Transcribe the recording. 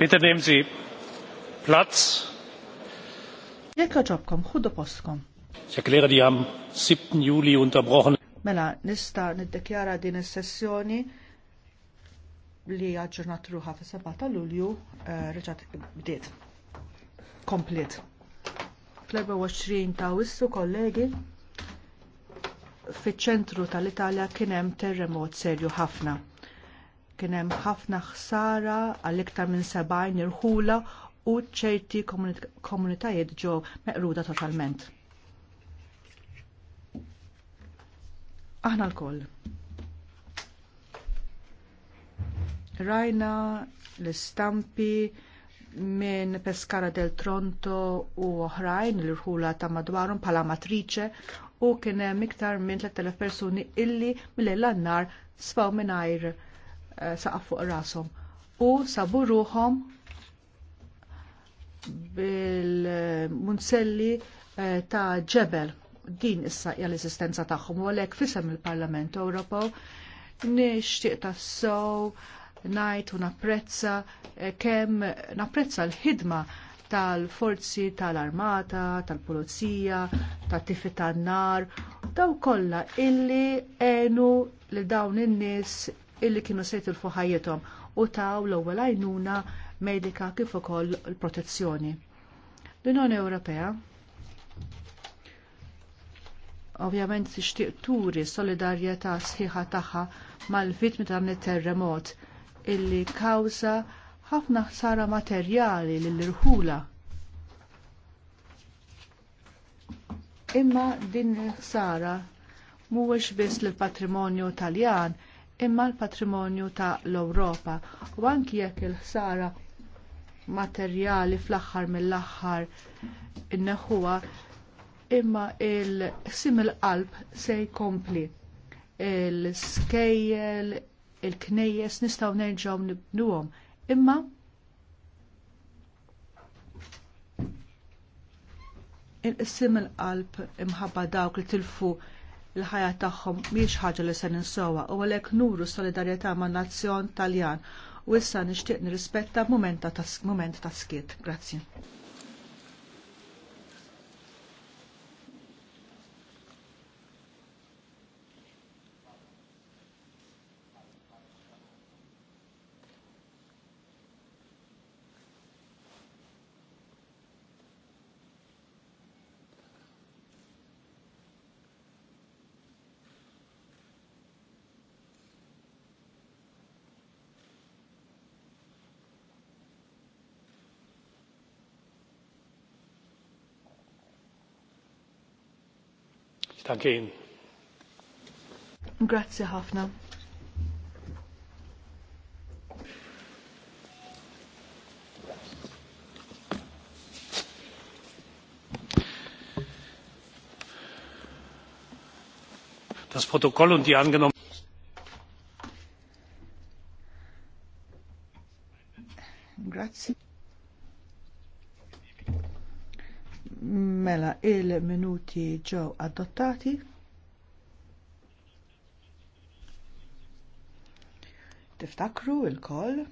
Bitte nehmen Sie Platz. Jekk ħuddu postkom. Ich di għam 7. Juli unterbrochen. Mela, nista niddekjara din is-sessjoni li għadġurnat ruħa fi 7 ta' Lulju eh, reġat bdiet. Komplet. Fl-24 ta' wissu kollegi fi ċentru tal-Italja kienem terremot serju ħafna. Kien hemm ħafna ħsara għal iktar minn sebgħin irħula u ċerti komunitajiet ġew meqruda totalment. Aħna lkoll. Rajna l-istampi minn Pescara del Tronto u oħrajn l-irħula ta' madwarhom bħala matriċe u kien hemm iktar minn 3000 persuni illi mill-nar sfaw minn ajr. Eh, saqaf fuq rasom u sabu ruhom bil-munselli eh, ta' ġebel din issa hija l-esistenza tagħhom u għalhekk fisem il-Parlament Ewropew nixtieq tassow ngħid u napprezza eh, kemm napprezza l-ħidma tal-forzi tal-armata, tal-pulizija, tat-tifi tan-nar, daw kollha illi għenu li dawn in-nies illi kienu se jitilfu ħajjithom u taw l-ewwel għajnuna medika kif ukoll protezzjoni. L-Unjoni Ewropea ovvjament tixtieq turi solidarjetà sħiħa tagħha mal-vittmi ta' terremot illi kawża ħafna ħsara materjali lill-irħula. Imma din il ħsara mhuwiex biss lill patrimonju Taljan imma l-patrimonju ta' l-Ewropa u anki jekk il-ħsara materjali fl-aħħar mill-aħħar inneħħuha, imma il-sim il-qalb se jkompli il-skejjel, il-knejjes nistgħu nerġgħu nibnuhom imma il-sim il-qalb imħabba dawk li tilfu l-ħajja tagħhom mhix ħaġa li se ninsowha u għalhekk nuru solidarjetà man nazzjon Taljan u issa nixtieq nirrispetta mument ta' skiet. Grazzi. Stankin. Grazie Hafna. Das Protokoll und die angenommen. Grazie. Mela il-minuti ġew adottati. Tiftakru il-koll.